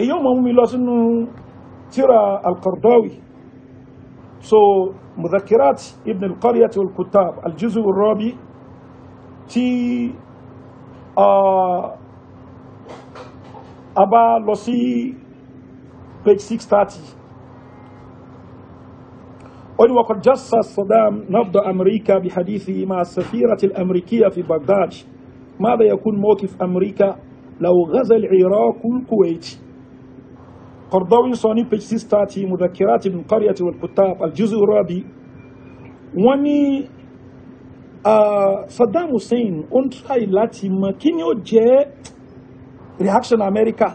ايوم هم mú ترى lọ sínú tíra so مذكرات ابن القرية والكتاب الجزء الرابع تي a أبا lọ page 630 وقد جس صدام نبض أمريكا بحديثه مع السفيرة الأمريكية في بغداد ماذا يكون موقف أمريكا لو غزا العراق الكويت Qardawi sọ ní page 630 mudhakirat ibn qaryat wal kutab al-juz' rabi wọ́n ní ah, Saddam Hussein ó ń try láti mọ kí ni ó jẹ́ reaction America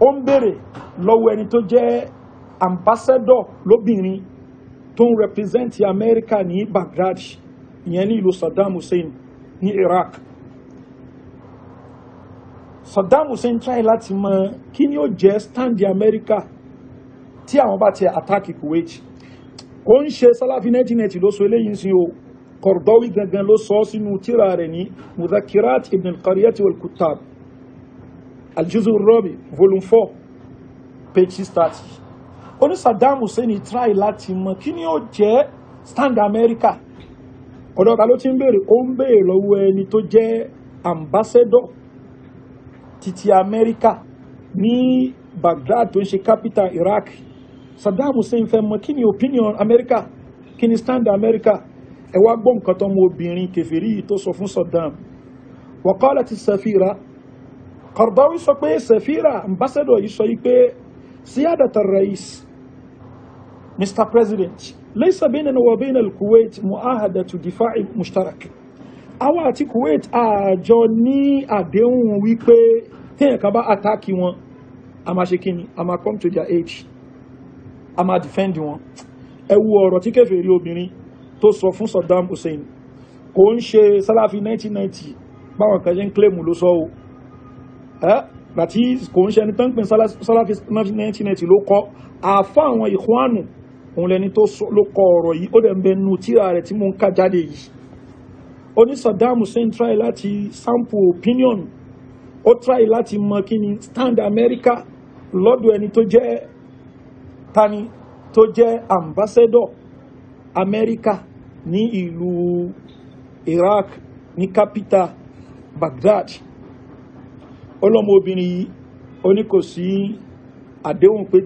ó ń béèrè lọ́wọ́ ẹni tó jẹ́ ambassador lóbìnrin tó ń represent America ní Baghdad ìyẹn ní ìlú Saddam Hussein ní Iraq Saddam Hussein try láti mọ kí ni ó jẹ́ stand America tí àwọn bá ti attack Kuwait kò ń ṣe Salafi 1990 ló sọ eléyìí sí o Kordawi gangan ló sọ sínú tírà rẹ̀ ní Mudhakirat Ibn al-Qaryati wal-Kuttab al-Juz' ar-Rabi volume 4 page 630 ó ní Saddam Hussein try láti mọ kí ni ó jẹ́ stand America ọ̀dọ̀ ta ló ti ń béèrè ó ń béèrè lọ́wọ́ ẹni tó jẹ́ ambassador titi amẹ́ríkà ní Baghdad tó ń ṣe capital Iraq Saddam Hussein fẹ́ mọ̀ kí ni opinion amẹ́ríkà kí ni stand amẹ́ríkà ẹ wá gbọ́ nǹkan tọ́mọ obìnrin kẹfìrí yìí tó sọ fún Saddam wa qalat safira Qardawi sọ pé safira ambassador yìí sọ yìí pé siyadata rais Mr. President laysa baynana wa bayna al-Kuwait mu'ahadatu àwa àti Kuwait àjọ ní àdéhùn wípé téèyàn kan bá àtàkì wọn a máa ṣe kíni a máa come to their aid a máa defend wọn ẹ wo ọ̀rọ̀ tí kèfèrí obìnrin tó sọ fún Saddam Hussein kò ń ṣe sálàfí 1990 báwọn kan ṣe ń claim ló sọ o láti kò ń ṣe ẹni tán pín sálàfí 1990 ló kọ àfa àwọn ìkwánù òun lẹni tó ló kọ ọ̀rọ̀ yìí ó dẹ̀ ń bẹ nu tíra rẹ̀ tí mo ń ká jáde yìí Oni Saddam Hussein try láti sample opinion ó try láti mọ kíni stand America lọ́dọ̀ ẹni tó jẹ́ tani tó jẹ́ ambassador America ni ilu Iraq ni capital Baghdad ọlọ́mọbìnrin yìí ó ní kò sí àdéhùn pé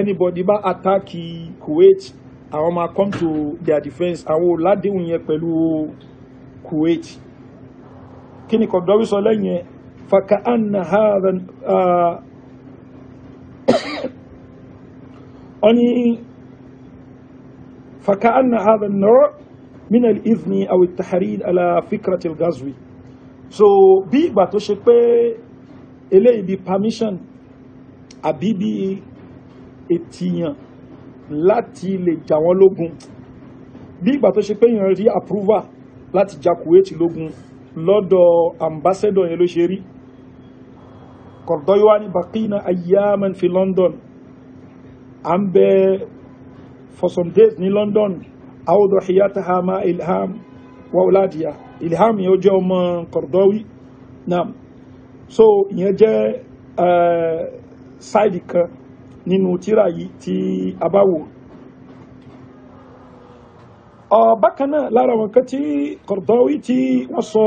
anybody ba attack Kuwait àwọn máa come to their defence àwọn ò ládéhùn yẹn o. Kuwait kí ni Qaradawi sọ lẹ́yìn ẹ̀ faka anna hadha ọni faka anna hadha an-naw' min al-idhni aw ala fikrat al so bí ìgbà tó ṣe pé eléyìí bí permission àbí bí ètìyàn láti lè jà wọ́n lógun bí ìgbà tó ṣe pé èèyàn rí approval láti ja kuwait lógun lọ́dọ̀ ambassador yẹn ló ṣe rí kọ̀dọ́yọ́wá ní bakina ayyaman fi london à ń bẹ for some days ní london àwòdọ̀ hiyataha ma ilham wa oladiya ilham yẹn ó jẹ́ ọmọ kọ̀dọ́wí náà so ìyẹn jẹ́ uh, side kan nínú tíra yìí tí a bákan náà lára wọn kan tí Qaradawi tí wọ́n sọ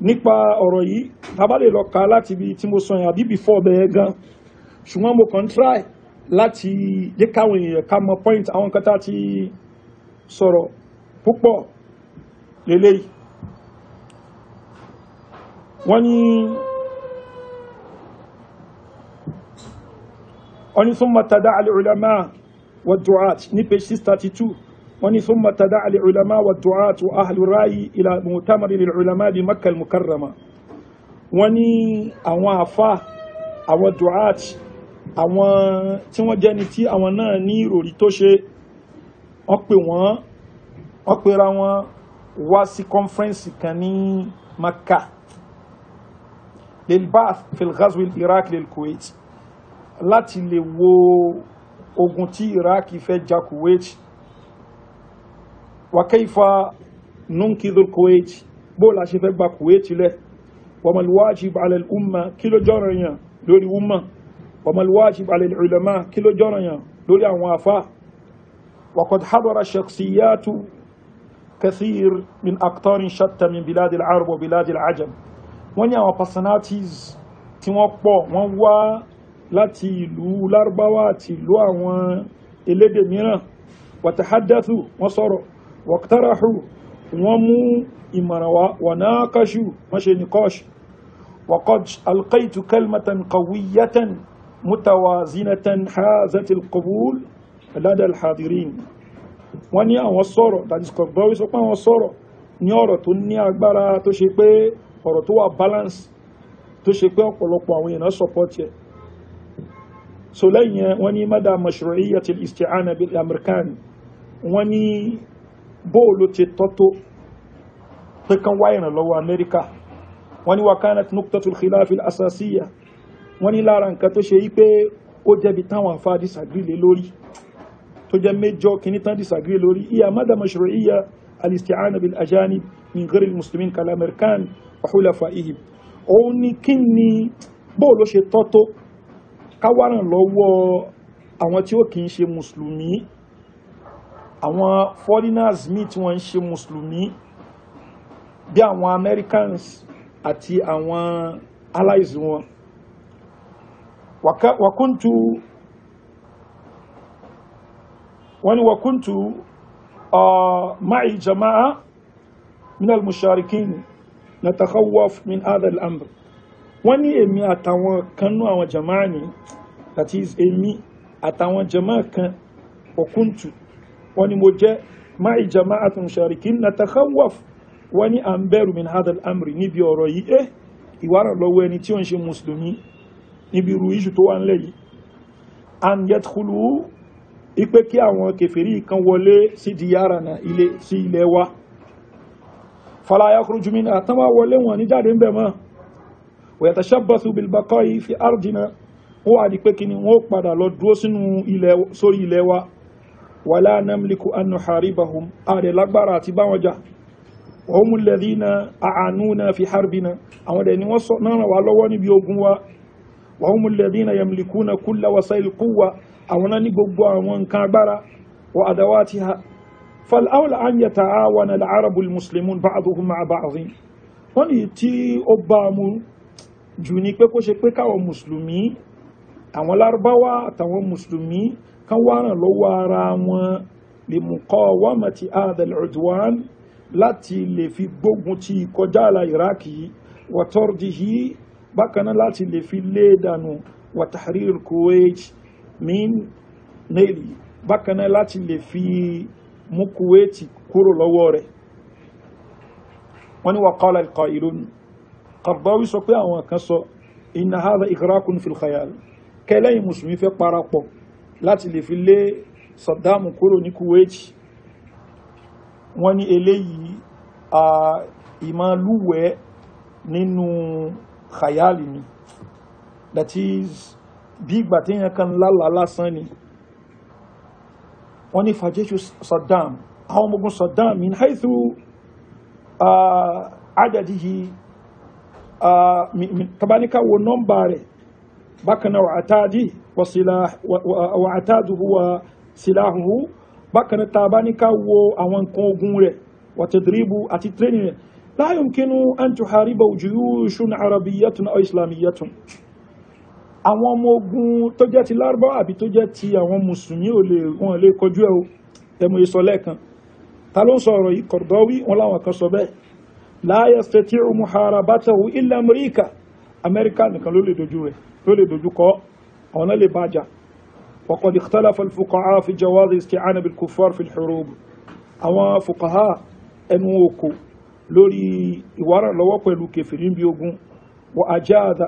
nípa ọ̀rọ̀ yìí tábàlè lọ ka láti ibi tí mo sọ yẹn àbí before bẹ́ẹ̀ gan ṣùgbọ́n mo kàn try láti jẹ́ káwọn èèyàn ká mọ point àwọn kan tá ti sọ̀rọ̀ púpọ̀ lélẹ́yìí wọ́n ní wọ́n ní summa tada'a والدعاة نبي 632 وني ثم تدعى العلماء والدعاة وأهل الرأي إلى مؤتمر للعلماء بمكة المكرمة وني أوا أفا أوا دعاة أوا تيوا جانيتي أوا نا نيرو لتوشي أقوى وان أقوى وان واسي كونفرنسي كاني مكة للبعث في الغزو العراقي للكويت láti lè wo ogun tí iraq fẹ́ ja kuwait wakaifa nunkidul kuwait bó la ṣe fẹ́ gba kuwait lẹ̀ wàmàlúwájib alal umma kí ló jọ́rọ̀ lórí umma wàmàlúwájib alal ulama kí ló lórí àwọn afá وقد حضر شخصيات كثير من أقطار شتى من بلاد العرب وبلاد العجم wọ́n ní àwọn personalities tí wọ́n pọ̀ wọ́n wá láti ìlú lárúbáwá àti ìlú àwọn elédè mìíràn wàtàhádàtù wọ́n sọ̀rọ̀ wàkútàràhù wọ́n mú ìmọ̀ràn wa wànákàṣù wọ́n ṣe nìkọ́ṣù وقد ألقيت كلمة قوية متوازنة حازت القبول لدى الحاضرين wọ́n ní àwọn sọ̀rọ̀ that is Qaradawi sọ pé àwọn sọ̀rọ̀ ní ọ̀rọ̀ tó ní agbára tó ṣe pé ọ̀rọ̀ tó wà balance tó ṣe pé ọ̀pọ̀lọpọ̀ àwọn èèyàn support ẹ̀ so lẹ́yìn wọ́n ní mada mashru'iyyat al-isti'ana bil american wọ́n ní bóòlù ti tọ́tó pé kan wá ìrànlọ́wọ́ amẹ́ríkà wọ́n ní wa kanat nuqtatul khilaf al-asasiyya wọ́n ní lára nǹkan tó ṣe wípé ó jẹ́bi táwọn afá disagree lé lórí tó jẹ́ major kìíní tán disagree lórí iya mada mashru'iyya al-isti'ana bil min ghayri al-muslimin kal american wa hulafa'ihim òun ni kí ni bóòlù ṣe tọ́tó káwárán lọ́wọ́ àwọn tí ó kì í ṣe mùsùlùmí àwọn foreigners míì tí wọ́n ń ṣe mùsùlùmí bí àwọn Americans àti àwọn allies wọn wakuntu wani wakuntu uh, ma'i jama'a min al-musharikin نتخوف من هذا الأمر wọ́n ní èmi àtàwọn kan àwọn jàmáà that is èmi àtàwọn jàmáà kan òkúntù wọ́n ní mo jẹ́ máì jàmáà tún ṣàríkì natakhawaf wọ́n ní à ń bẹ̀rù min hadal amri níbi ọ̀rọ̀ yìí eh ìwárà lọ́wọ́ ẹni tí ó ń ṣe mùsùlùmí níbi irú iṣu tó wà nílẹ̀ yìí and yet kulu ipe kí àwọn kèfèrí kan wọlé sí di yára na ilé sí ilẹ̀ wa falaya kúrú jùmínà àtàwọn wọlé wọn ní jáde ń bẹ̀ mọ́ ويتشبث بالبقاء في أرضنا wọ́n wà ní pé kí ni wọ́n padà lọ dúró sínú sórí ilẹ̀ wa wala namliku an nuharibahum ààrẹ lágbára àti báwọn jà wa humu alladhina a'anuna fi harbina àwọn ẹ̀dẹ̀ ni wọ́n náà wà lọ́wọ́ níbi ogun wa wa humu alladhina yamlikuna kulla wasail quwwa àwọn náà ní gbogbo àwọn nǹkan agbára wa adawatiha fal awla an yata'awana al-arabu al-muslimun ba'duhum ma'a ba'dhin wọ́n ni tí ó bá mú jù ní pé kó ṣe pé káwọn mùsùlùmí àwọn lárúbáwá àtàwọn mùsùlùmí kan wá ràn lọ́wọ́ ara wọn lè mú kọ́ wàmà ti adal udwan láti lè fi gbógun ti kọjá àlà iraki wàtọ́rọ̀dìhí bákan náà láti lè fi lé e dànù wàtàrír kuwait min naili bákan náà láti fi mú kuwait kúrò lọ́wọ́ rẹ̀ wọ́n ni qala al-qailun Qardawi sọ pé àwọn kan sọ inna hadha igraqun fil khayal kẹlẹ́yìn mùsùlùmí fẹ́ parapọ̀ láti lè fi lé Saddam kúrò ní Kuwait wọ́n ní eléyìí ìmọ̀lúwẹ̀ nínú khayali ni that is bí ìgbà tí èèyàn kan lálàá lásán ni wọ́n ní fàjẹ́ṣù Saddam àwọn ọmọ ogun Saddam min haythu adadihi tabanika wo nọ́mbà rẹ̀ bákan náà wàtáàdì wàtáàdùhu wa siláhùhu bákan náà tabanika wo àwọn nǹkan ogun rẹ̀ wàtẹ̀dìríbù àti tírénì rẹ̀ la yumkinu an tuhariba juyushun arabiyyatun aw islamiyyatun àwọn ọmọ ogun tó jẹ́ ti lárúbáwá àbí tó jẹ́ ti àwọn mùsùlùmí ò lè wọn lè kọjú ẹ̀ o ẹ̀mọ̀ ìsọ̀lẹ̀ kan ta ló ń sọ ọ̀rọ̀ yìí Qaradawi wọn kan sọ bẹ́ẹ̀ la yastati'u muharabatahu illa amẹ́ríkà amẹ́ríkà nìkan ló lè dojú rẹ̀ ló lè dojú kọ àwọn náà lè bá jà wa qad ikhtalafa al-fuqaha fi jawaz isti'ana bil-kuffar fi al-hurub àwọn fuqaha ẹnu oko lórí ìwárà lọ́wọ́ pẹ̀lú kẹfìrí bí ogun wa ajaza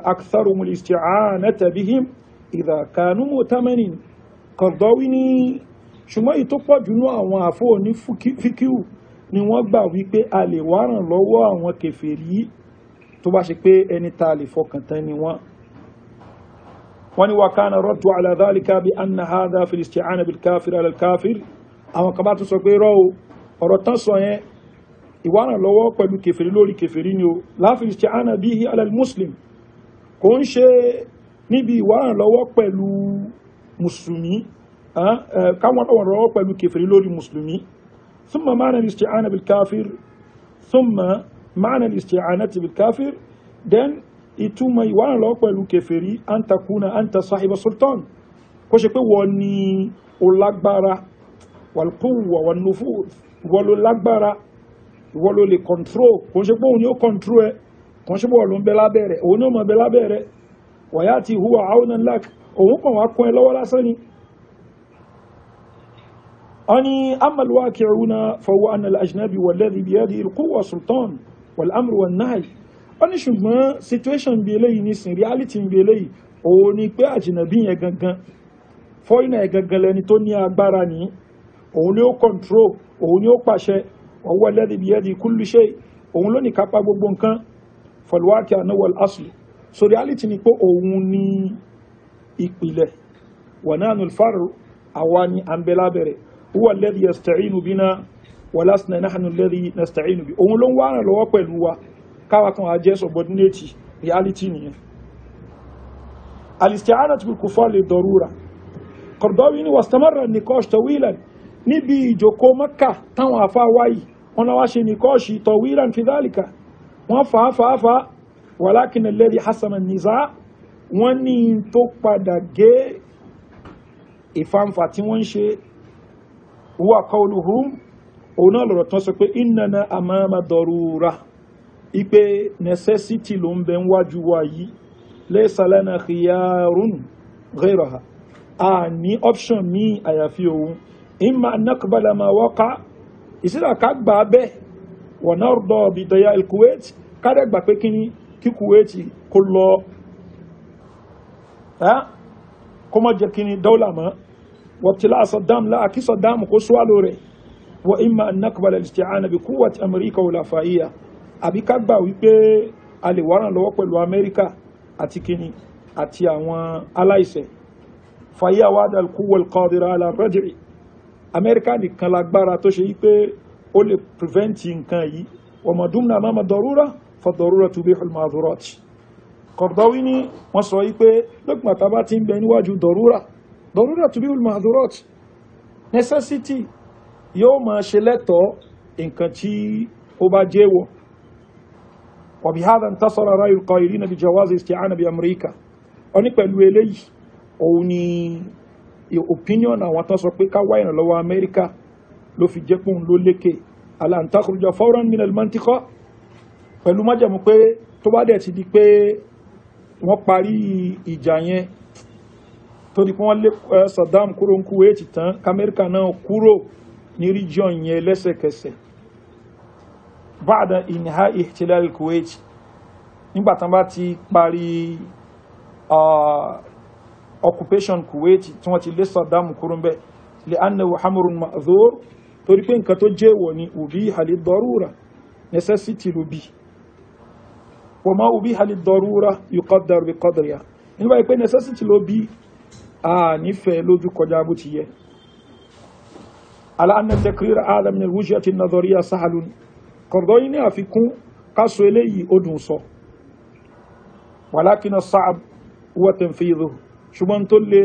ṣùgbọ́n ìtọ́pọ̀ jùlọ àwọn àfọ́ ní fíkíù ni wọ́n gbà wípé a lè wárán lọ́wọ́ àwọn kèfèrí tó bá ṣe pé ẹni ta lè fọkàn tán ni wọ́n wọ́n ni wà kánà rọ́tù ala dhalika bí anna hadha fil isti'ana bil káfir ala káfir àwọn kan bá tún sọ pé rọ́ o ọ̀rọ̀ tán sọ yẹn ìwárán lọ́wọ́ pẹ̀lú kèfèrí lórí kèfèrí ni o la fil isti'ana bihi ala muslim kò ń ṣe níbi ìwárán lọ́wọ́ pẹ̀lú mùsùlùmí káwọn ọ̀rọ̀ lọ́wọ́ pẹ̀lú kèfèrí lórí mùsùlùmí ثم معنى الاستعانة بالكافر ثم معنى الاستعانة بالكافر then ìtumọ̀ ìwà lọ pẹ̀lú kèfèrí an takuna anta sahiba sultan kó ṣe pé wọ́n ní o lágbára walquwa wan nufuz wọ́n ló lágbára wọ́n control kó ṣe pé òun ni control ẹ kó ṣe pé òun ló ń bẹ lábẹ́rẹ̀ òun ni ó wayati huwa awnan lak òun kàn wá kún ẹ lọ́wọ́ lásán ni أني أما الواقعون فهو أن الأجنبي والذي بيده القوة سلطان والأمر والنهي أني شما situation بيلي نيسن reality بيلي أو نيكبي أجنبي يغنغن foreigner يغنغن لأني توني أكبر أني òun ni ó control òun ni ó pàṣẹ ọwọ́ alladhi biyadi kullu shay òun ló ní kápá gbogbo nǹkan fọlùwákì ànáwọl asùlù so reality ni pé òun ní ìpìlẹ̀ wọ̀nánú fárò àwa ni à ń bẹ lábẹ́rẹ́ huwa alladhi yasta'inu bina walasna nahnu alladhi nasta'inu bi òun ló ń wá ràn lọ́wọ́ pẹ̀lú wa káwa kan àjẹ́ subordinate reality nìyẹn al-isti'anatu bil kufar li darura Qardawi ni wastamarra an-niqash tawilan níbi ìjòkó Mẹ́kà táwọn àfa wáyìí wọn náà wá ṣe niqash tawilan fi dhalika wọ́n fàá fàá fàá walakin alladhi hasama an-niza' wọ́n ní tó padà gé ìfàǹfà tí wọ́n huwa qawluhum òun náà lọ̀rọ̀ tán sọ pé innana amama darura ipe necessity ló ń bẹ ń wájú wa yìí laysa lana khiyarun ghayraha a ní option míì àyàfi òun imma naqbala ma waqa ìsìlá ká gbà á bẹ́ẹ̀ wa narda bi daya kuwait ká gbà pé kí Kuwait kó lọ kó má jẹ́ kíní dọ́là mọ́ وابتلاء صدام لا أكي صدام قصوى لوري وإما أن نقبل الاستعانة بقوة أمريكا والعفائية àbí ká gbà wípé a lè wárán lọ́wọ́ pẹ̀lú amẹ́ríkà àti kínní àti àwọn aláìṣẹ̀ fàyà wàdà kúwọ̀l kọ́dìrà alárẹ́dìrì amẹ́ríkà nìkan lágbára tó ṣe wípé ó lè pìrìvẹ́ǹtì nǹkan yìí ọmọdúnmọ́ àmọ́ dọ̀rúrà fọ̀dọ̀rúrà tó bí ọlọ́mọdúnrọ̀ ti kọ̀dọ̀wí ni wọ́n sọ wípé lókùnmọ̀tà bá ti ń bẹ níwájú dọ̀rúrà ضرورة تبيع المعذورات necessity yóò máa ṣe lẹ́tọ̀ọ́ nǹkan tí ó bá jẹ́wọ́ وبهذا انتصر رأي القائلين بجواز استعانة بأمريكا ó ní pẹ̀lú eléyìí òun ni opinion àwọn tán sọ pé ká wá ìrànlọ́wọ́ amẹ́ríkà ló fi jẹ́ pòun ló lékè ala an takhruja fawran min al-mantiqa pẹ̀lú májẹ̀mú pé tó bá dẹ̀ ti di pé wọ́n parí ìjà yẹn torí pé wọ́n lé eh, Saddam kúrò ní Kuwait tán kamẹ́ríkà náà kúrò ní region yẹn lẹ́sẹ̀kẹsẹ̀ báàdà ìníhà ìhtilal Kuwait nígbà tán bá ti parí ah, occupation Kuwait tí wọ́n ti lé Saddam kúrò bẹ́ẹ̀ lè annahu hamrun ma'zur torí pé nǹkan tó jẹ́ wọ̀ ni òbí halid darura necessity ló bí wọ́n máa òbí halid darura yuqaddar bi qadriya nígbà pé necessity ló bí a nífẹ̀ẹ́ lójú kọjá bó ti yẹ aláàánà tẹkírírà adam ní wúṣẹ́ ti nàdọ́rí asáàlù kọ̀dọ̀ yìí ní àfikún káso eléyìí ó dùn sọ wàlákínà sáàb wọ́tẹ̀ fi ṣùgbọ́n tó lé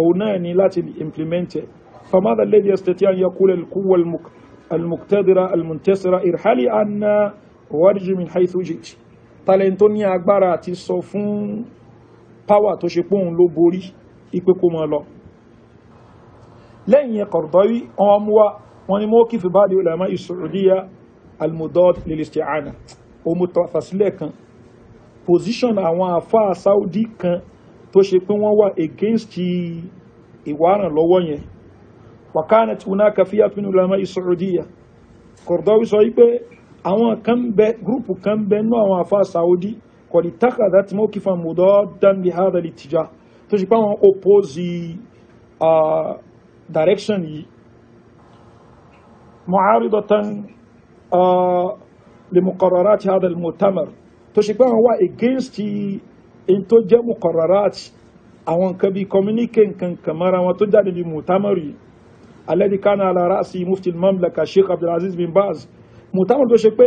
òun náà ní láti implement ẹ̀ فماذا الذي يستطيع أن يقول القوة المقتدرة المنتصرة ارحلي عنا وارجي من حيث جئت talento ní agbára àti sọ fún power tó ṣe pé òun ló ipe kó mọ́ lọ lẹ́yìn Qardawi wọn mú wa wọn ni mọ́ kí fi báàdì ulama Saudiya almudod lilistiana omutafasílẹ̀ kan position àwọn àfáà Saudi kan tó ṣe pé wọ́n wà against ìwárànlọ́wọ́ yẹn wakanat hunaka fiyatun ulama Saudiya Qardawi sọ wípé àwọn kan bẹ gúrùpù kan bẹ náà àwọn àfáà Saudi kọ̀dí takhadat mawqifan mudoddan li hadha al-ittijah tó ṣe pé wọ́n oppose uh, direction yìí mu'aridatan uh, li muqarrarati hadha al-mu'tamar tó ṣe pé wọ́n wà against in tó jẹ́ muqarrarati àwọn nǹkan bíi communique nǹkan kan mara wọn tó jáde ní mu'tamar yìí alladhi kana ala ra'si mufti al-mamlaka sheikh abdulaziz bin baz mu'tamar tó ṣe pé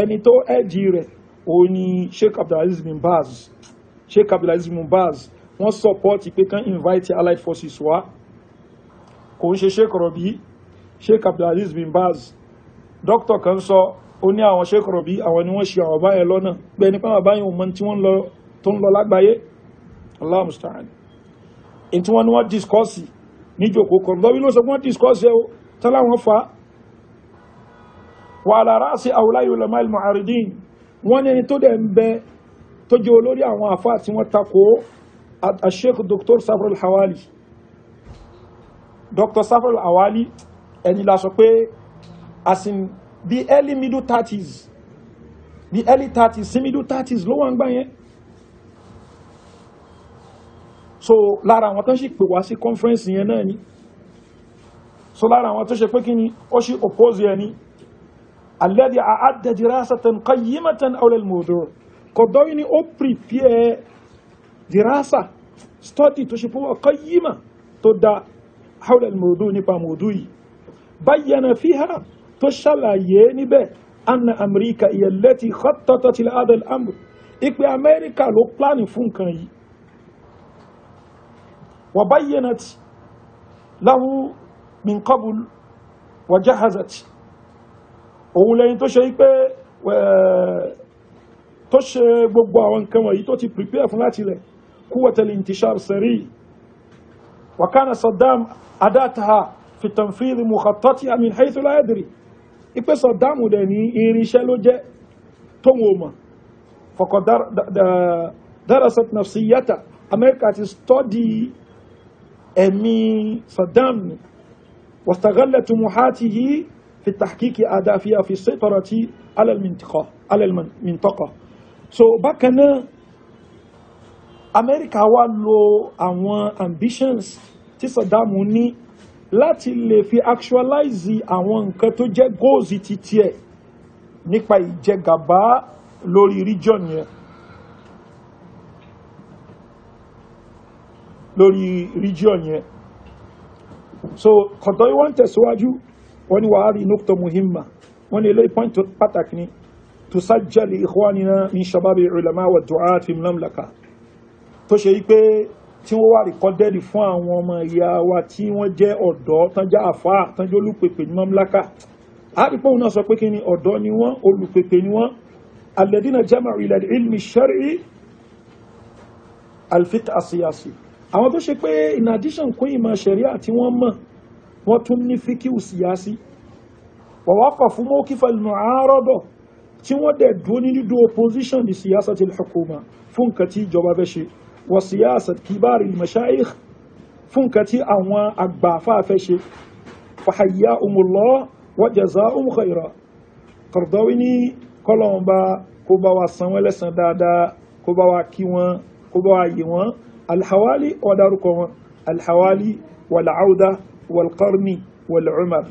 ẹni tó ẹ̀jì rẹ̀ òun ni sheikh abdulaziz bin baz sheikh abdulaziz bin baz wọ́n support. pé kán invite allied forces wá kò ń ṣe sheikh Rabi sheikh abdulaziz bin baz dókítà kan sọ ó ní àwọn sheikh Rabi àwọn ni wọ́n ṣe àwọn báyẹn lọ́nà pé nípa àwọn báyẹn òun mọ́ tí wọ́n tó ń lọ lágbàáyé allah musta'an in tí wọ́n ní wọ́n discourse níjòkó kan lọ́wí ló sọ wọ́n discourse ẹ̀ tọ́lá wọn fa wa ala ra'si awlai ulama al-mu'aridin wọ́n ní ẹni tó dẹ̀ ń bẹ tó jẹ́ olórí àwọn àfáà tí wọ́n takò at Sheikh Dr. Safrul Hawali Dr. Safrul Hawali ẹni la sọ pé as in the early middle thirties the early thirties sí middle thirties ló wà ń gbà yẹn so lára àwọn tó ń sì pè wá sí conference yẹn náà ni so lára àwọn tó ṣe pé kí ni ó sì oppose yẹn ni alladhi a'adda dirasatan qayyimatan awla al-mawdu' Kordawi ni ó prepare dirasa study tó ṣe pọ́wọ́ qayyima tó da hawla al-mawdu nípa mawdu yìí bayyana fiha tó ṣàlàyé níbẹ̀ anna amurika hiya allati khattatat li hadha al-amr ìpè amẹ́ríkà ló pláàni fún nǹkan yìí wa bayyanat lahu min qabl wa jahazat òun lẹ́yìn tó ṣe pé eh, tó ṣe gbogbo àwọn nǹkan wọ̀nyí tó ti prepare fún láti lẹ̀ قوة الانتشار سريع وكان صدام أداتها في تنفيذ مخططها من حيث لا يدري ipe sọdáàmù dẹ̀ ní irinṣẹ́ ló jẹ́ tó wò mọ̀ fọkọ̀ darasat nafsiyata amẹ́ríkà ti stọ́dí ẹ̀mí sọdáàmù ni wàstagálẹ̀tù muhati yìí fi tàkíkì àdáfíà fi sẹ́tọ̀rọ̀ tí alẹ́lmìntọ́kọ̀ so bákanáà amẹ́ríkà wá lo àwọn ambitions tí Saddam ní láti lè fi actualize àwọn nǹkan tó jẹ́ goals ti tiẹ̀ nípa ìjẹgàba lórí region yẹn lórí region yẹn so kọ̀tọ́ ìwọ́n tẹ̀síwájú wọ́n ni wàhálì nukta muhimma wọ́n ni ilé pọ́ǹtì pàtàkì ni tusajjal ikhwanina min shababi ulama wa du'at fi mamlaka tó ṣe wípé tí wọ́n wà rìkọ́dẹ́dì fún àwọn ọmọ ìyá wa tí wọ́n jẹ́ ọ̀dọ́ tánjá àfáà tánjá olùpèpè ní mamlaka àdìpọ̀ òun náà sọ pé kí ni ọ̀dọ́ ni wọ́n olùpèpè ni wọ́n alẹ́dínà jama'u ilẹ̀ ilmi shar'i alfit asiyasi àwọn tó ṣe pé in addition kún ìmọ̀ ṣẹ̀ríà tí wọ́n mọ̀ wọ́n tún ní fíkíù síyásí wọ̀wọ́kọ̀ fún mọ́kífà al-mu'arada tí wọ́n dẹ̀ dúró ní opposition ní síyásá ti hukuma fún nǹkan tí ìjọba fẹ́ ṣe wa siyasat kibari al-mashayikh fún nǹkan tí àwọn àgbààfà fẹ́ ṣe fàhàyà umullah wa jazaa'um khayra Qaradawi ní kọ́lọ̀ọ̀ba kó bá wa san wọ́n lẹ́san dáadáa kó bá wa kí wọn kó bá wa yí wọn alhawali wọ́n wọn alhawali wal'auda walqarni wal'umar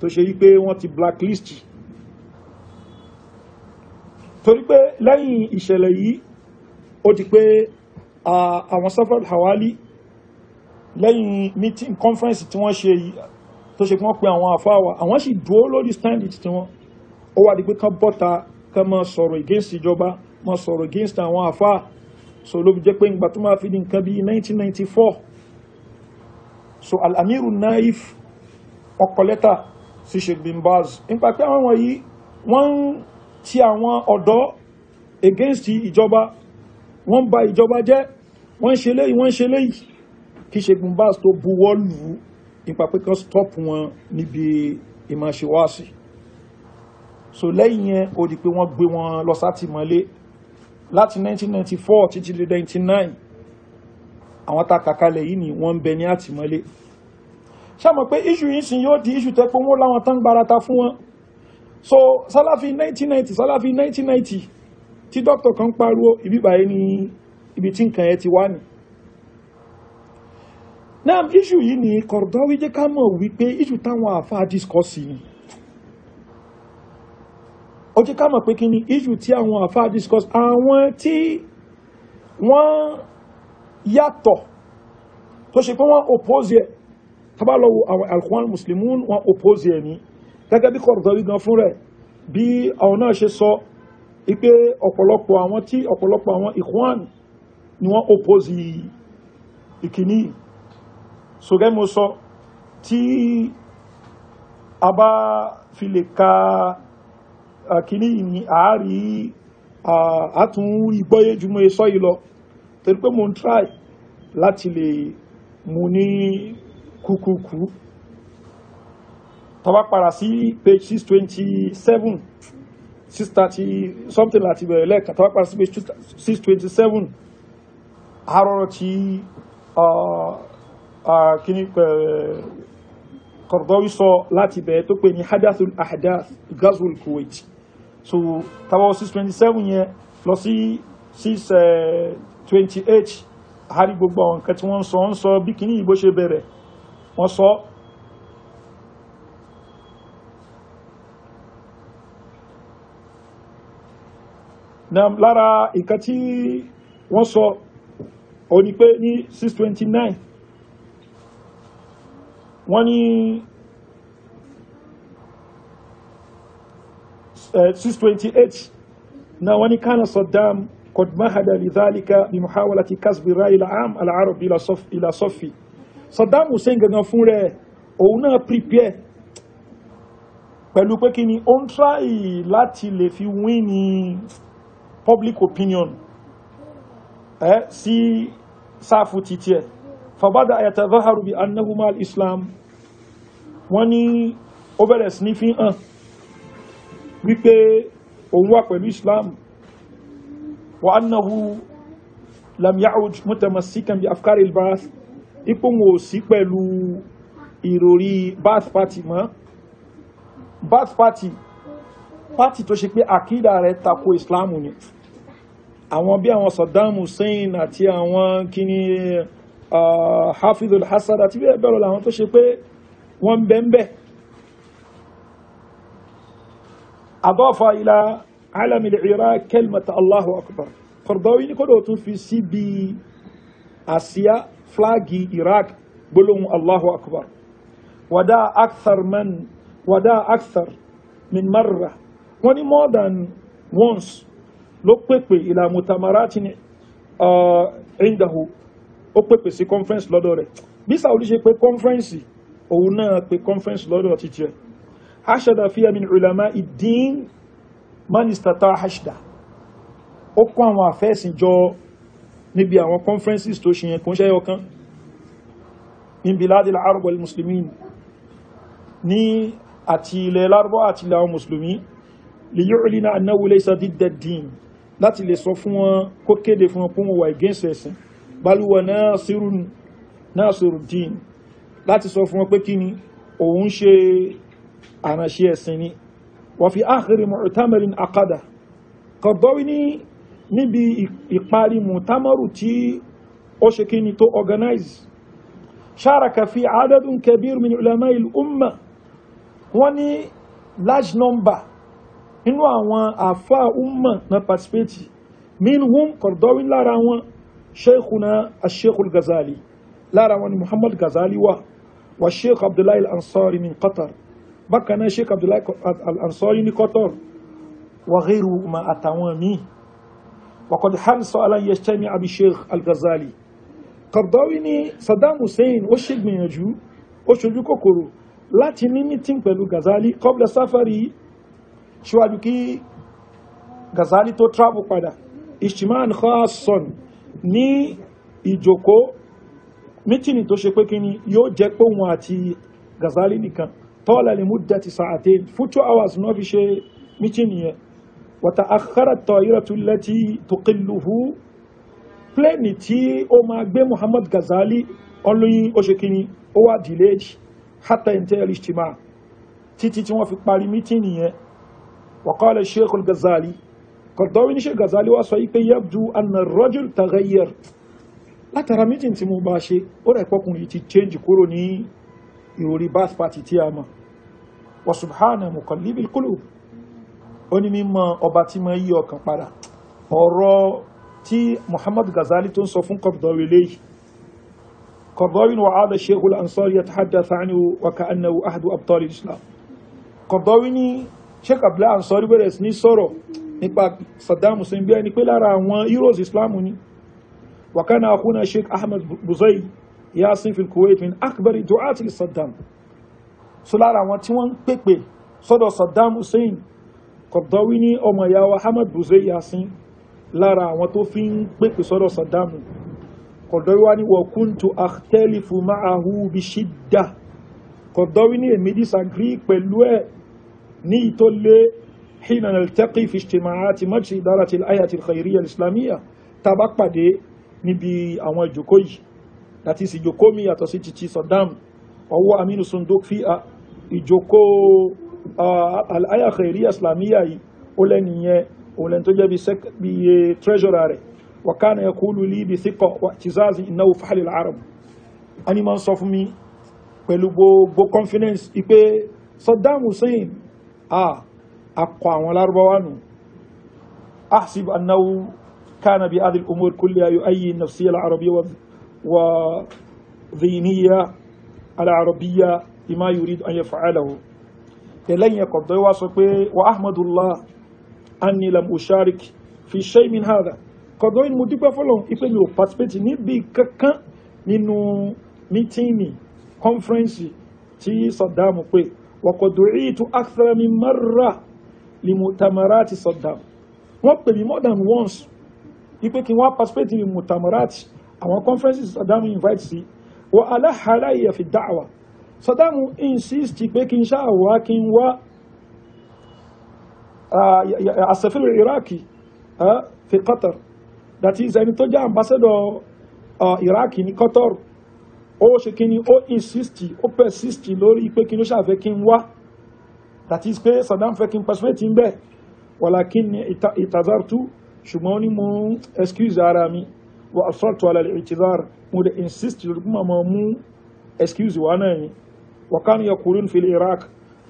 tó ṣe wípé wọ́n ti blacklist torí pé lẹ́yìn ìṣẹ̀lẹ̀ yìí ó ti pé àwọn safar hawali lẹ́yìn meeting conference tí wọ́n ṣe yìí tó ṣe wọ́n pe àwọn àfáwà àwọn sì dúró lórí stand it tí wọ́n ó wà di pé kán bọ́ta kán máa sọ̀rọ̀ against ìjọba máa sọ̀rọ̀ against àwọn àfáà so ló fi jẹ́ pé ìgbà tó máa fi di nǹkan bíi 1994 so al-amiru naif ọkọ̀ lẹ́tà sí Sheikh bin Baz nípa pé àwọn wọ̀nyí wọ́n ń ti àwọn ọ̀dọ́ against ìjọba wọ́n ń ba ìjọba jẹ́ wọ́n ń ṣe léyìí wọ́n ń ṣe léyìí kí Sheikh bin Baz tó buwọ́ nípa pé kan stop wọn níbi ìmọ̀ṣẹ́wáṣì so lẹ́yìn yẹn ó di pé wọ́n gbé wọn lọ sátìmọ́lé láti 1994 títí dé 99 àwọn tá a kàkalẹ̀ yìí ni wọ́n ń bẹ ní àtìmọ́lé ṣàmọ̀ pé iṣu yìí sin yóò di iṣu tẹ́pọ̀ wọ́n láwọn tán gbarata fún wọn so sálàfí 1990 sálàfí 1990 tí Dr. kan pariwo ìbíbàyé ní ibi tí nǹkan ẹ ti wá ní náà iṣu yìí ni Qaradawi jẹ́ ká mọ̀ wípé iṣu táwọn àfáà discourse ni ó jẹ́ ká mọ̀ pé kí ni iṣu tí àwọn àfáà discourse àwọn tí wọ́n yàtọ̀ tó ṣe pé wọ́n oppose ẹ̀ tọ́ba lọ wo muslimun wa oppose ẹni gẹ́gẹ́ bí kọ̀rọ̀dọ́rí gan fún rẹ̀ bí àwọn náà ṣe sọ ipe ọ̀pọ̀lọpọ̀ àwọn tí ọ̀pọ̀lọpọ̀ àwọn ikhwan ni wọ́n oppose ìkíní sọgẹ́ mo sọ tí a bá fi lè ka kíní ní àárí àtún ìgbọ́yé jùmọ̀ lọ torí mo ń try láti lè mú ní kúkúkú tọba padà sí page six twenty seven, six thirty something láti bẹ̀rẹ̀ lẹ́ẹ̀kan tọba padà sí page 627 àárọ̀rọ̀ tí kíní Qardawi sọ láti bẹ̀rẹ̀ tó pè ní hadathul ahadath gazul kuwait so tọba 627 yẹn lọ sí 628 àárí gbogbo àwọn nǹkan tí wọ́n sọ ń sọ bí kíní ìbó ṣe bẹ̀rẹ̀ wọ́n sọ na lára ìkan tí wọ́n sọ ó ní pé ní 629 wọ́n ní 628 na wani kana Saddam قد مهد لذلك بمحاولة كسب الرأي العام العرب إلى صف إلى صفي Saddam Hussein gangan fún rẹ̀ òun náà prepare pẹ̀lú pé kí ni ó ń try láti lè fi win ní public opinion eh, sí sáfù títí ẹ̀ fàbádà ayatollah bí annahuma islam wọ́n ní ó bẹ̀rẹ̀ hàn wípé òun wà pẹ̀lú islam wa annahu lam ya'ud mutamassikan bi afkari al-ba'ath ipò wọn ò sí pẹ̀lú ìròrí bath party mọ́ bath party party tó ṣe pé àkídà rẹ̀ tako islam ni àwọn bí àwọn Saddam Hussein àti àwọn kíní uh, Hafizul Hasan àti bẹ́ẹ̀ bẹ́ẹ̀ làwọn tó ṣe pé wọ́n ń bẹ́ẹ̀ bẹ́ẹ̀ أضاف إلى علم العراق كلمة الله أكبر قرضاوي نقول تنفي سي بي آسيا flagi iraq gbólóhùn allahu akbar wàdá akthar man wàdá akthar min marra wọ́n ní more than once ló pèpè ìlà mutamarati ni uh, indahu ó pèpè sí conference lọ́dọ̀ rẹ̀ bí Saudi ṣe pé conference òun náà pé conference lọ́dọ̀ títí ẹ̀ hashada fiya min ulama iddin man istata ó kó àwọn àfẹ́sìn jọ níbi àwọn conferences tó ṣe yẹn kún ṣẹ́yọ kan ní biladil arab wal muslimin ní àti ilẹ̀ lárúbọ́ àti ilẹ̀ àwọn musulmi li yu'lina annahu laysa didda ad-din láti lè sọ fún wọn kó kéde fún wọn kún wà against ẹ̀sìn bal huwa nasirun nasirud láti sọ fún wọn pé kí ni òun ṣe àránṣẹ́ ẹ̀sìn ni wa fi akhiri mu'tamarin aqada Qaradawi ní níbi ìparí mùtámọ́rù tí ó ṣe kí ni tó organize ṣáraka fi adadun kabir min ulama il umma wọ́n ní large number nínú àwọn àfá umma na participate minhum kọ̀dọ̀wí lára wọn sheikhuna asheikhul gazali lára wọn ni muhammad gazali wa wa sheikh abdullahi al-ansari min qatar bákan náà abdullahi al-ansari ní qatar wa ghairu ma àtàwọn وقد حرص على أن يجتمع بالشيخ الغزالي Qardawi ní Saddam Hussein ó ṣe gbìyànjú ó ṣojú kòkòrò láti ní mítìn pẹ̀lú Ghazali qabla sáfàrí ṣíwájú kí Ghazali tó travel padà ishtiman khasson ní ìjòkó mítìnì tó ṣe pé kí ni yóò jẹ́ pé òun àti Ghazali nìkan tọ́lá lè muddati sa'atain fún two hours náà fi ṣe mítìnì yẹn وتأخرت طائرة التي تقله plane tí ó máa gbé Muhammad Ghazali olóyin oṣèkìní ó wà delayed hatta intail ijtima títí tí wọ́n fi parí meeting yẹn وقال الشيخ الغزالي Qaradawi ní Sheikh Ghazali wá sọ yí pé yabdu anna ar-rajul taghayyar látara meeting tí mo bá ṣe ó rẹ̀ pọkùnrin ti change kúrò ní ìròrí bath party tí a mọ̀ wa subhana muqallibil qulub ó ní mímọ̀ ọba tí mọ̀ yí ọkàn padà ọ̀rọ̀ tí Muhammad Ghazali tó ń sọ fún Qardawi léyìí Qardawi ní wàhálà Sheikh al-Ansari yatahaddathu anhu wa ka'annahu ahadu abtal al-Islam Qardawi ní Sheikh Abdullah Ansari bẹ̀rẹ̀ sí ní sọ̀rọ̀ nípa Saddam Hussein bí ẹni pé lára àwọn heroes Islam ni wa kana akhuna Sheikh Ahmed Buzai yasin fi kuwait min akbari du'ati saddam so lára àwọn tí wọ́n ń pèpè sọ́dọ̀ saddam hussein kọ̀dọ́wí ní ọmọ ìyàwó Ahmad Buzai Yasin lára àwọn tó fi ń pèpè sọ́dọ̀ Saddam kọ̀dọ́wí wá ní wa kuntu akhtalifu ma'ahu bi shidda kọ̀dọ́wí ní èmi disagree pẹ̀lú ẹ̀ ní ìtò lé hina naltaqi fi ijtima'ati majlis idarati al-hay'ati al-khayriyya al-islamiyya tàbá pàdé آه، الآية خيرية إسلامية أولنية أولن تجبي سك بي تريجوراري وكان يقول لي بثقة واعتزاز إنه فحل العرب أني من صفمي بلو بو كونفيدنس إبي صدام حسين آه أقوى والأربع وانو أحسب أنه كان بهذه الأمور كلها يؤيي النفسية العربية وذينية العربية بما يريد أن يفعله tẹ̀lẹ́yìn ẹ̀kọ́ tó wá sọ pé wa ahmadullah anni lam usharik fi shay'in min hadha kọ̀dọ̀ yìí mo dúpẹ́ fọlọ́n ipe mi ò participate níbi kankan nínú mítíìnì kọ́nfẹ́rẹ́nsì tí Saddam pé wọ́kọ̀ dòrí tu akthara min marra limutamarati Saddam wọ́n pè mí more than once ipe kí wọ́n participate ní mutamarati àwọn kọ́nfẹ́rẹ́nsì Saddam invite sí wọ́n aláhàlá ìyẹ̀fì dáwà Sadamu insist pé kí n ṣáàwá kí n wá àṣẹfẹ́rù ah, Iraki ah, fi Qatar that is ẹni tó jẹ́ ambassador ah, Iraki ní Qatar ó ṣe kí ni ó insist ó persist lórí pé kí ló ṣàfẹ́ kí n wá that is pé Saddam fẹ́ kí n persuade ń bẹ̀ walakin ìtàzártú ṣùgbọ́n ní mo excuse ara mi wa asọ́tọ̀ alàlẹ̀ ìtìzára mo lè insist lórí pé mo mú excuse wa náà وكانوا يقولون في العراق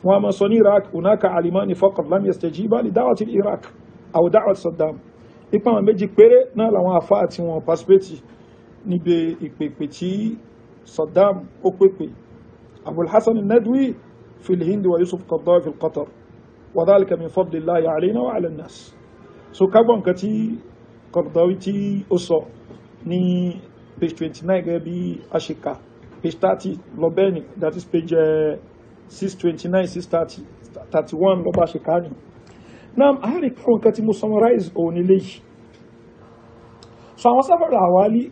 وما صني العراق هناك علمان فقط لم يستجيبا لدعوة العراق أو دعوة صدام ipa àwọn méjì péré náà làwọn afáà tí wọn pàṣípẹ́tì níbi ìpèpè tí Saddam ó pèpè Abul Hasan al-Nadwi fi al-Hind wa Yusuf Qaddafi fi Qatar wa dhalika min fadlillahi alayna wa ala an-nas so kágbọ́n nǹkan tí Qaddafi tí ó sọ ní page 29 gẹ́gẹ́ bí aṣíkà page thirty lọ bẹ́ẹ̀ that is page uh, six twenty nine six thirty thirty one lọ́ba ṣe ká ni náà a rí pé nǹkan tí mo summarize òun nílé yìí so àwọn sáfàrà àwálí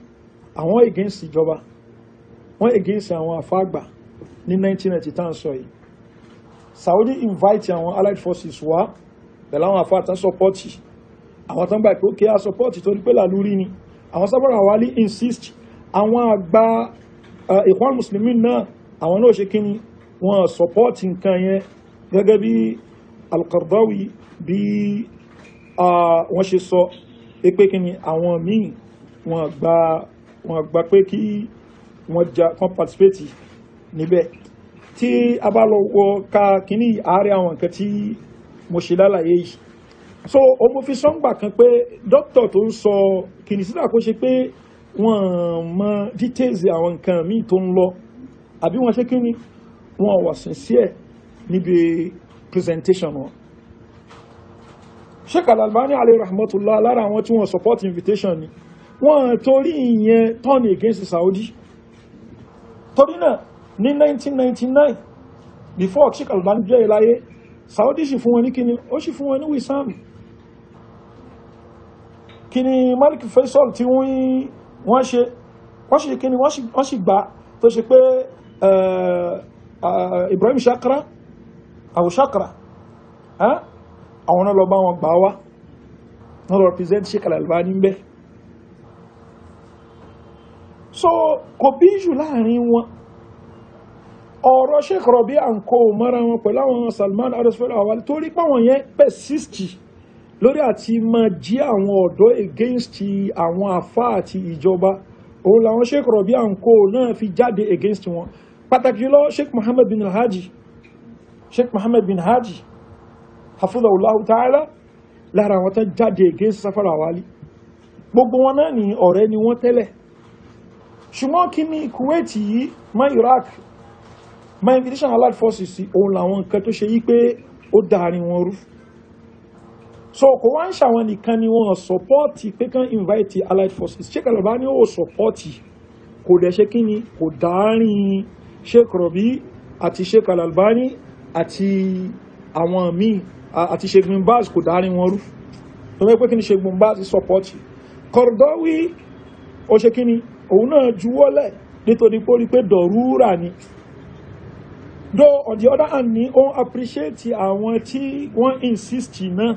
àwọn against ìjọba wọ́n against àwọn àfáàgbà ní 1990 tán Sorry. Saudi invite our allied forces wá pẹ̀lú àwọn àfáà tán sọpọ́tì àwọn tán gbà pé ó kí á sọpọ́tì torí pé làlúrí ni àwọn sábàrà wà lè insist àwọn àgbà Ikhwan Muslimin náà àwọn náà ṣe kí ni wọ́n sọpọ́ọ̀tì nǹkan yẹn gẹ́gẹ́ bí Al-Qaradawi bí wọ́n ṣe sọ pé kí ni àwọn míì wọ́n gba wọ́n gba pé kí wọ́n ja kan participate níbẹ̀ tí a bá lọ wọ ka kíní àárẹ̀ àwọn nǹkan tí mo ṣe lálàyé yìí so o mo fi sọ́ngbà kan pé dókítà tó ń sọ kìnìsílà kó ṣe pé wọ́n mọ details àwọn nǹkan míì tó ń lọ àbí wọ́n ṣe kí ni wọ́n wà sincere níbi presentation wọn Sheikh Al-Albani alayhi rahmatullah lára àwọn tí wọ́n support invitation ni wọ́n torí ìyẹn turn against Saudi torí náà ní 1999 before Sheikh Al-Albani jẹ́ ìláyé Saudi sì fún wọn ní kíni ó sì fún wọn ní Wissam kíni Malik Faisal tí wọ́n wọ́n ṣe wọ́n ṣe kíni wọ́n sì gbà tó ṣe pé Ibrahim Shakra àwọn Shakra àwọn náà lọ bá wọn gbà wá wọ́n lọ represent Sheikh Al-Albani bẹ́ so kò bí jù láàrin wọn ọ̀rọ̀ Sheikh Rabi' à ń kó mọ́ra wọn pẹ̀lú àwọn Salman adosfẹ́lẹ̀ àwọn torí pàwọn yẹn pẹ̀ 60 lórí àti máa jí àwọn ọ̀dọ́ against àwọn àfa àti ìjọba òun làwọn sheikh rọ̀bí àǹkó náà fi jáde against wọn pàtàkì jùlọ sheikh muhammad bin alhaji sheikh Mohammed bin haji hafizahullahu ta'ala lára àwọn tán jáde against safara wali gbogbo wọn náà ni ọ̀rẹ́ ni wọ́n tẹ́lẹ̀ ṣùgbọ́n kí ni kuwait yìí mọ́ iraq mọ́ invitation allied forces òun làwọn nǹkan tó ṣe yí pé ó dàárín wọn rú so kò wá ń ṣàwọn nìkan ni wọ́n sọpọ́ọ̀tì pé kán invite allied forces Sheikh Albani ó sọpọ́ọ̀tì kò dẹ̀ ṣe kí ni kò dáárín Sheikh Rabi àti Sheikh Albani àti àwọn míì àti Sheikh Bin Baz kò dáárín wọn rú tó mẹ́ pé kí ni Sheikh Bin Baz sọpọ́ọ̀tì ó ṣe kí ni òun náà juwọ́lẹ̀ nítorí pé ó rí pé dọ̀rúrà ni though on the other hand ni ó appreciate àwọn tí wọ́n insist náà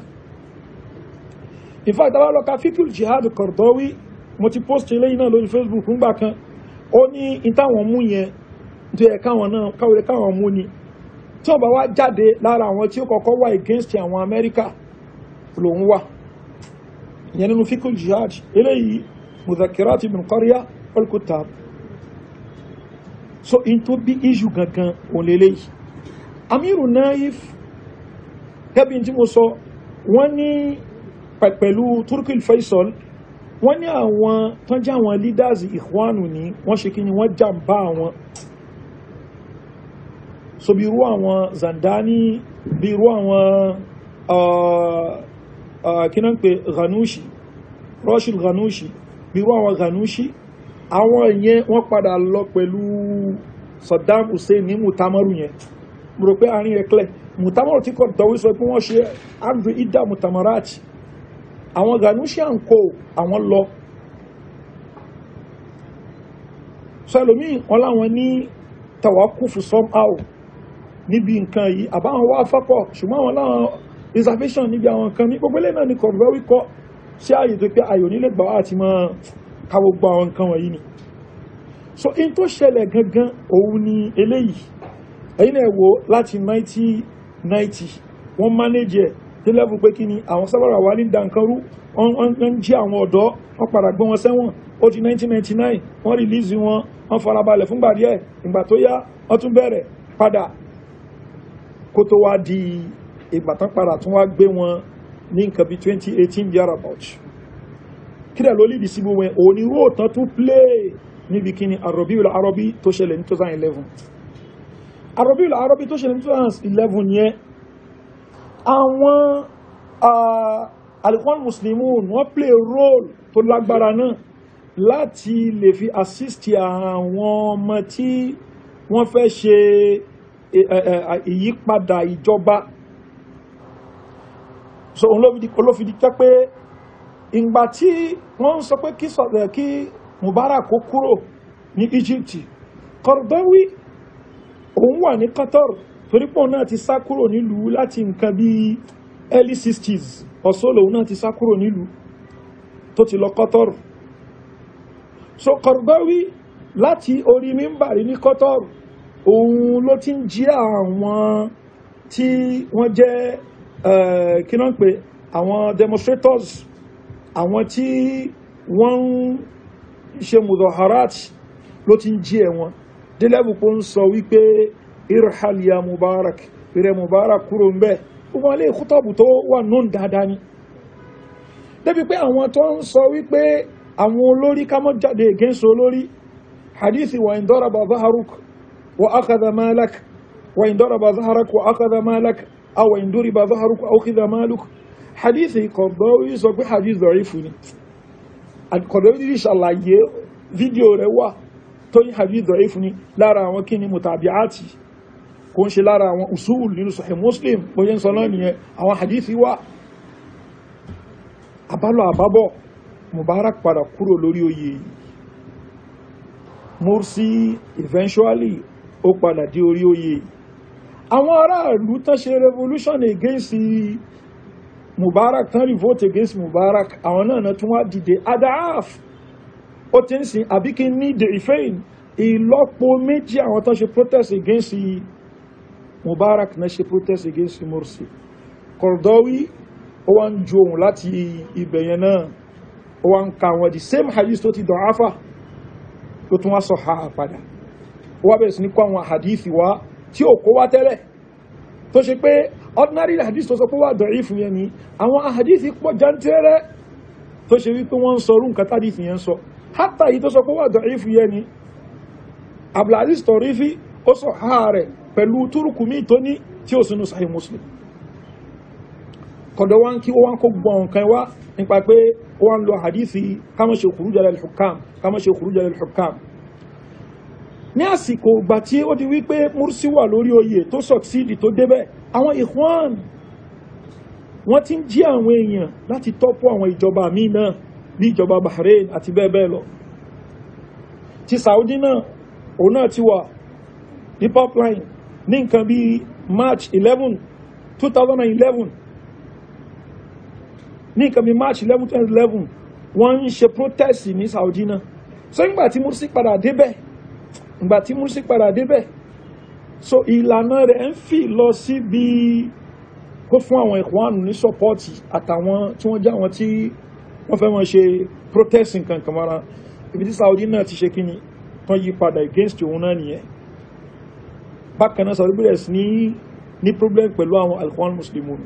in fact àwọn lọ́ka fíkìl jihad Qaradawi mo ti post eléyìí náà lórí facebook ń gbà kan ó ní ìtàwọn mú yẹn tó yẹ káwọn náà káwèrè káwọn mú ni tí wọ́n bá wá jáde lára àwọn tí ó kọ́kọ́ wà against àwọn amẹ́ríkà lòun wà ìyẹn nínú fíkìl jihad eléyìí mudhakirati min qarya wal kutab so in tó bí issue gangan òun lélẹ́yìí amiru naif gẹ́bí tí mo sọ wọ́n ní pẹ̀lú Turkil Faisal wọ́n ní àwọn tán jẹ́ àwọn leaders ìhwanu ní wọ́n ṣe kí ni wọ́n jàǹbá àwọn so bí irú àwọn Zandani bí irú àwọn kí náà ń pè Ghanushi Rashid Ghanushi bí irú àwọn Ghanushi àwọn yẹn wọ́n padà lọ pẹ̀lú Saddam Hussein ní mutamaru yẹn mo rò pé àárín ẹ̀klẹ̀ mutamaru tí kò dọ̀wé sọ pé wọ́n ṣe andrew ida mutamarati àwọn Ghanousian kò àwọn lọ sẹlòmíì wọn láwọn ní tawakufu somehow níbi nǹkan yìí àbáwọn wá fọ́pọ̀ ṣùgbọ́n àwọn láwọn reservation níbi àwọn nǹkan ní gbogbo eléyìí náà ni kọ̀ọ̀bẹ́ wíkọ́ sí ààyè tó pé ayò nílé gbà àti mọ́ ká gbogbo àwọn nǹkan wọ̀nyí ni so in tó ṣẹlẹ̀ gangan òun ni eléyìí ẹ̀yìn náà wò láti 1990 wọ́n manage ẹ̀ ní lẹ́fù pé kí ni àwọn sábàrà wà ní dankanru wọ́n jí àwọn ọ̀dọ́ wọ́n padà gbọ́n wọn sẹ́wọ̀n ó ti 1999 wọ́n rìlíìsì wọn wọ́n farabalẹ̀ fúngbà díẹ̀ ìgbà tó yá wọ́n tún bẹ̀rẹ̀ padà kó tó wá di ìgbà tán padà tún wá gbé wọn ní nǹkan bí 2018 yàrá bọ̀ch kí dẹ̀ ló lìdí sí gbogbo ẹ̀ òní ró tán tún play níbi kí ni àròbí ìlà àròbí tó ṣẹlẹ̀ ní 2011 àròbí ìlà àròbí tó ṣẹlẹ̀ ní 2011 yẹn àwọn ah, alikwan muslimun wọ́n play role tó lágbára náà láti lè fi assist àwọn ọmọ tí wọ́n fẹ́ ṣe eh, eh, ìyípadà ìjọba so olófìdí jẹ́ pé ìgbà tí wọ́n sọ pé kí eh, Mubarak kúrò ní Egypt Qardawi òun wà ní Qatar torípọ̀ náà ti sá kúrò nílùú láti nǹkan bí early 60s ọ̀sọ́lò náà ti sá kúrò nílùú tó ti lọ kọ́tọ́rù so Qaradawi láti orí mímbàrí ní kọ́tọ́rù òun ló ti ń jí àwọn tí wọ́n jẹ́ eh, kí pé àwọn demonstrators àwọn tí wọ́n ń ṣe mudaharat ló ti ń jí ẹ̀ wọn délẹ́bù pé ń sọ wípé irhal ya mubarak rẹ mubarak kúrò ń bẹ́ẹ̀ gbogbo alẹ́ ìkútàbù tó wà nún dáadáa ni débi pé àwọn tó ń sọ wípé àwọn olórí ká mọ́ jáde against olórí hadithi wa in daraba zaharuk wa akhadha malak wa in daraba zaharak wa akhadha malak aw in duriba zaharuk aw akhadha maluk hadithi Qardawi sọ pé hadith da'ifu ni Qardawi ṣàlàyé fídíò rẹ̀ wà tó ní hadith da'ifu ni lára àwọn kíni mutabi'ati kò ń ṣe lára àwọn usul nínú Sahih Muslim bó ṣe ń sọ náà nìyẹn àwọn hadithi wà àbálọ àbábọ̀ Mubarak padà kúrò lórí oyè yìí eventually ó padà dé orí oyè àwọn aráàlú tán ṣe revolution against Mubarak tán revolt against Mubarak àwọn náà náà tún wá dìde adaaf ó ti ń sin àbí ní the ìfẹ́yìn ìlọ́po méjì àwọn tán ṣe protest against Mubarak náà ṣe protest against Morsi Kordawi ó wá ń ju òun láti ibẹ̀ yẹn náà ó wá ń ka wọn the same hadith tó ti dọ̀ áfà tó tún wá sọ ha padà ó wá bẹ̀rẹ̀ sí ní kó àwọn hadith wá tí ò kó wá tẹ́lẹ̀ tó ṣe pé ordinary hadith tó sọ pé wà dọ̀ífù yẹn ni àwọn hadith pọ̀ jantẹ́rẹ́ tó ṣe wípé wọ́n ń sọ orú nǹkan tádìí fi yẹn sọ hátà yìí tó sọ pé wà dọ̀ífù yẹn ni Abdulaziz Tarifi ó sọ ha rẹ̀ pẹ̀lú túrùkù míì tó ní tí ó sinú Sahih Muslim kọ̀dọ̀ wọn kí wọ́n kó gbọ́n nǹkan wá nípa pé wọ́n lo hadithi kama ṣe kúrú jẹ́ al-hukam kama ṣe kúrú jẹ́ al-hukam ní àsìkò ìgbà tí ó ti wípé Mursi wà lórí oyè tó sọ̀ksídì tó débẹ̀ àwọn ikhwan wọ́n ti ń jí àwọn èèyàn láti tọ́pọ̀ àwọn ìjọba míì náà bí ìjọba Bahrain àti bẹ́ẹ̀ bẹ́ẹ̀ lọ ti Saudi náà òun náà ti wà ní pipeline ní can be march 11, 2011. thousand can be march 11, 2011. thousand and eleven wọ́n ń ṣe protest ní saudi náà so nígbà tí Mursi padà débẹ̀ nígbà tí Mursi padà débẹ̀ so ìlànà rẹ̀ ń fi lọ síbi kó fún àwọn ìkwánu ní sọpọ́ọ̀tì àtàwọn tí wọ́n já wọn tí wọ́n fẹ́ wọn ṣe protest nǹkan kan mara ibi tí saudi náà ti ṣe kíni tán yí padà against òun náà nìyẹn bákan náà Saudi bẹ̀rẹ̀ sí ní problem pẹ̀lú àwọn alkhwan muslimun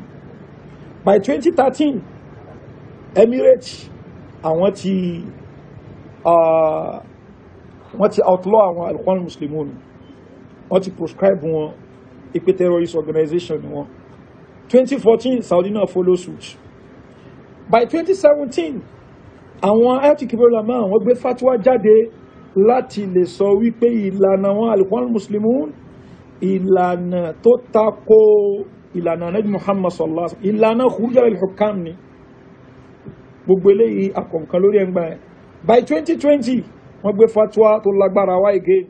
by 2013 Emirates àwọn ti uh, wọ́n ti outlaw àwọn alkhwan muslimun wọ́n ti proscribe wọn ipe terrorist organization ni wọn 2014 Saudi náà follow suit by 2017 àwọn ayatollah máa wọ́n gbé fatwa jáde láti lè sọ wípé ìlànà àwọn alkhwan muslimun ìlànà tó takò ìlànà nabi muhammad sallallahu alaihi wasallam ìlànà khuruj al-hukam ni gbogbo eléyìí akọ̀ǹkan lórí ẹ̀ngbà by 2020 wọ́n gbé fatwa tó lágbára wá again